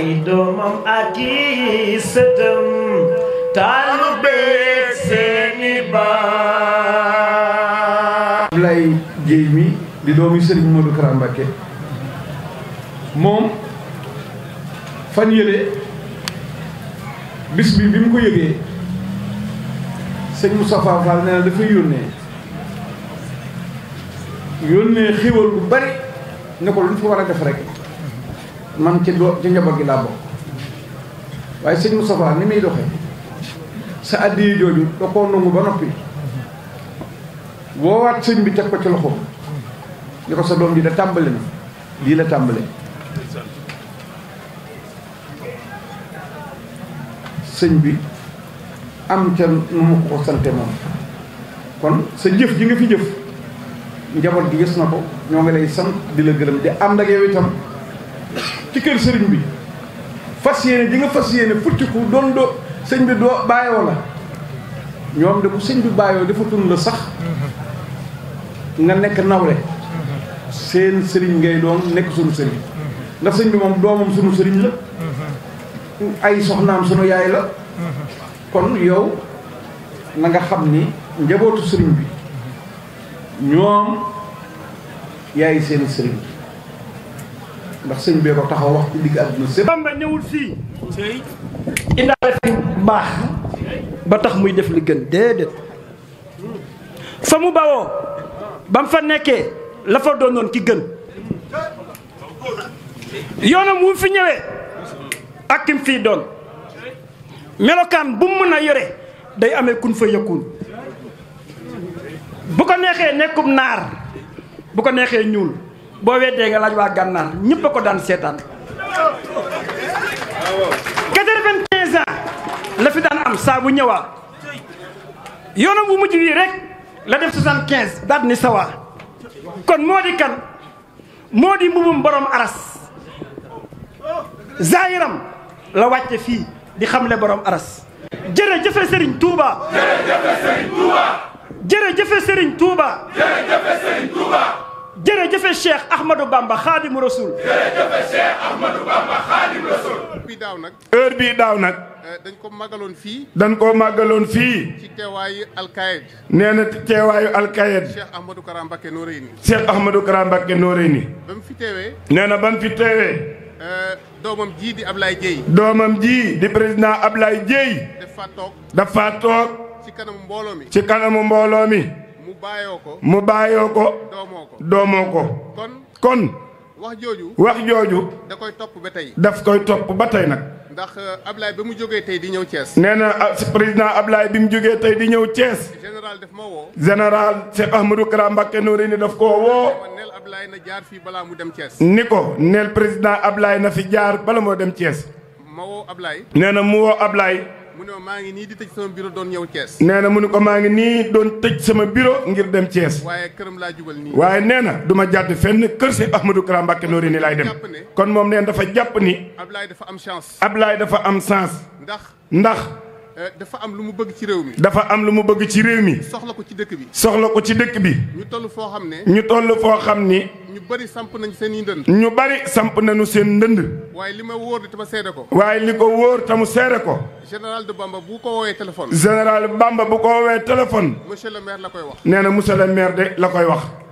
ay doomam ak i sëtam taalu beeg seeni baa lay géey mi di doomi sëriñ Modou Kara Mbacké moom fan yële bis bi bi mu ko yëgee sëñ Moustapha Fall nee na dafay yónnee yónnee xéwal bu bari ne lu ñu war a def rek man ci do ci njabo gi la bok way seigne Moustapha ni mi doxé sa addi joju do ko nangu ba wo wat seigne bi tek ko ci loxo ni ko sa dom ji da tàmbali na la tàmbale seigne bi am ca mu ko santé mom kon sa jëf gi nga fi jëf njaboot gi gis na ko ñoo ngi lay sant di la gërëm di am ak yow itam ci kër sëriñ bi fas yéene di nga fas yéene futtiku doon do sëñ bi doo bàyyoo la ñoom de ku sëñ bi bàyyoo dafa tun la sax nga nekk nawle seen sëriñ ngay doom nekk sunu sëriñ ndax sëñ bi moom doomam sunu sëriñ la ay soxnaam sunu yaay la kon yow na nga xam ni njabootu sëriñ bi ñoom yaay seen sëriñ ndax sëñ bee taxaw wax ci digg ñëwul fi baax ba tax muy def li gën fa mu fa nekkee la fa doonoon ki gën yoonam wu fi ñëwee ak kim fii doon melokaan bu mu mën a yore day amee kun fa yëkkun bu ko neexee nekkum naar bu ko neexee ñuul bo wédé nga laj wa gannar ñëpp ko daan sétan 95 ans la fi daan am sa bu ñëwa yoonam bu mujj wi rek la def 75 daat ni sawa kon modi kan modi di borom aras zaayiram la wacce fi di xamle borom aras. jere jeffe Serigne Touba. jere jeffe Serigne Touba. jere jeffe Serigne Touba. jere jeffe Serigne Touba. jërëjëfe Cheikh Ahmadou Bamba xaadim rasul. jërëjëfe Cheikh Ahmadou Bamba xaadim rasul. bii daaw nag. heure bii daaw nag. Eh, dañ ko màggaloon fii. dañ ko màggaloon fii. ci teewaayu alkayed. nee na teewaayu alkayed. Cheikh Ahmadou Kara Mbacké Noreyni. Cheikh Ahmadou Kara Mbacké Noreyni. ba mu fi teewee. nee na ba mu fi teewee. Eh, doomam ji di Ablaye Dieye. doomam ji di président Ablaye Dieye. dafa toog. dafa toog. ci kanamu mbooloo mi. ci kanamu mbooloo mi. mu baayoo ko mu baayoo ko doomoo ko kon wax jooju wax jooju da koy topp ba tey daf koy topp ba tey nag ndax euh, Ablaye ba mu jógee tey di ñëw Thiès. nee na euh, président Ablaye bi mu jógee tey di ñëw cees général daf ma woo. général Cheikh Ahmadou Kara Mbacké Noreyni daf koo woo. neel Ablaye na jaar fii balaa mu dem Thiès. ni ko neel président Ablaye na fi jaar bala moo dem Thiès. nee na mu woo Ablaye. mu maa ngi nii di tëj sama bureau doon ñëw Thiès. nee na mu ne ko maa ngi nii doon tëj sama biro ngir dem Thiès. waaye këram laa jubal nii. waaye nee na du ma jàdd fenn kër si Ahmadou Kara Mbacké Noreyni laay dem. kon moom nee dafa jàpp ni. Ablaye dafa am chance. Ablaye dafa am chance. ndax ndax. Euh, dafa am lu mu bëgg ci réew mi. dafa am lu mu bëgg ci réew mi. soxla ko ci dëkk bi. soxla ko ci dëkk bi. ñu toll foo xam ne. ñu toll foo xam ni. ñu bari samp nañ seen i ndënd. ñu bari samp nañu seen ndënd. waaye li ma wóor te tama seede ko. waaye li ko wóor tamu mu seede ko. général de Bamba bu ko woowee téléphone. général Bamba bu ko woowee téléphone. monsieur le maire la koy wax. nee na monsieur le maire de la koy wax.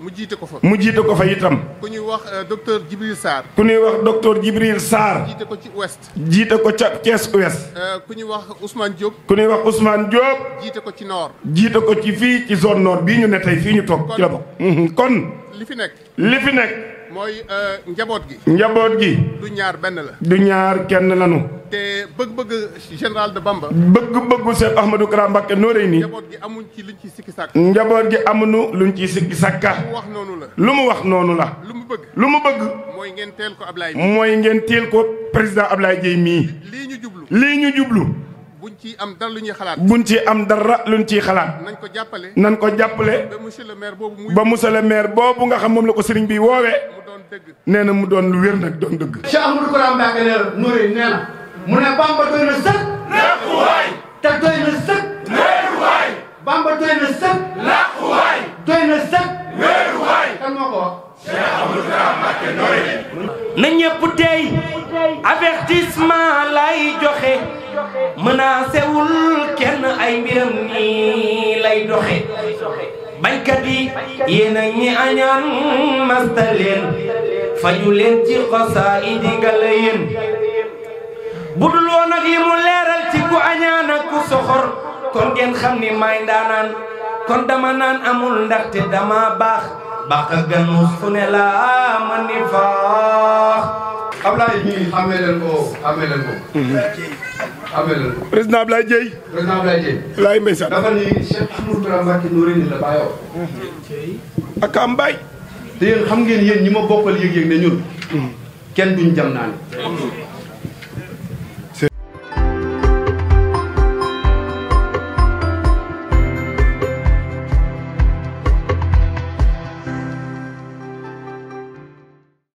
mu jiite ko fa mu jiite ko fa itam. ku ñuy wax euh, docteur Djibril saar ku ñuy wax docteur Djibril saar jiite ko ci ouest. jiite ko ca Thiès ouest. Euh, ku ñuy wax Ousmane Diop. ku ñuy wax Ousmane Diop. jiite ko ci nord. jiite ko ci fii ci zone nord bii ñu ne fii ñu toog. ci la bokk mhm, kon li fi mooy euh, njaboot gi. njaboot gi. du ñaar benn la. du ñaar kenn lanu. te bëgg-bëgg général Bamba. bëgg-bëggu Seex Ahmadou Kara Mbacké nooree nii. njaboot gi amuñ ci luñ ciy sikki sàkka. njaboot gi amuñu luñ ciy sikki sàkka. lu mu wax noonu la. lu mu wax noonu la. lu mu bëgg. lu mu bëgg. mooy ngeen teel ko Ablaye. mooy ngeen teel ko président Ablaye Dieye mii. lii ñu jublu lii ñu jublu. buñ ci am dara lu ñuy xalaat. buñ ci am dara luñ ciy xalaat. nañ ko jàppale. nañ ko jàppale. ba monsieur le boobu ba monsieur le boobu nga xam moom la ko sëriñ bi woowee. mu doon dëgg. nee na mu doon lu wér nag doon dëgg. Cheikh Amadou Kora Mbacké nee Nouré nee na. mu ne Bamba doy na sëkk. laakuwaay. te doy na sëkk. weeruwaay. Bamba doy na sëkk. laakuwaay. doy na sëkk. weeruwaay. kan moo ko wax. Cheikh Amadou Kora Mbacké Nouré. na ñëpp tey menacé wul kenn ay mbiram nii lay doxe bañkat yi yéen a ñi añaan masta leen faju leen ci xosaa indi nga la yéen budul woon ak yi mu leeral ci ku añaan ak ku soxor kon ngeen xam ni maay ndaanaan kon dama naan amul ndaxte dama baax baax a ganus fu ne laa man ni faax Ablaye ñii xamee leen ko xamee leen ko mm-hmm. président Ablaye Dieye. président Ablaye Dieye. laay mbay sax dafa ni Cheikh Ahmadou Bamba te yéen xam ngeen yéen ñi ma bokkal yëg-yëg ne ñun. Mm. kenn duñ jam naa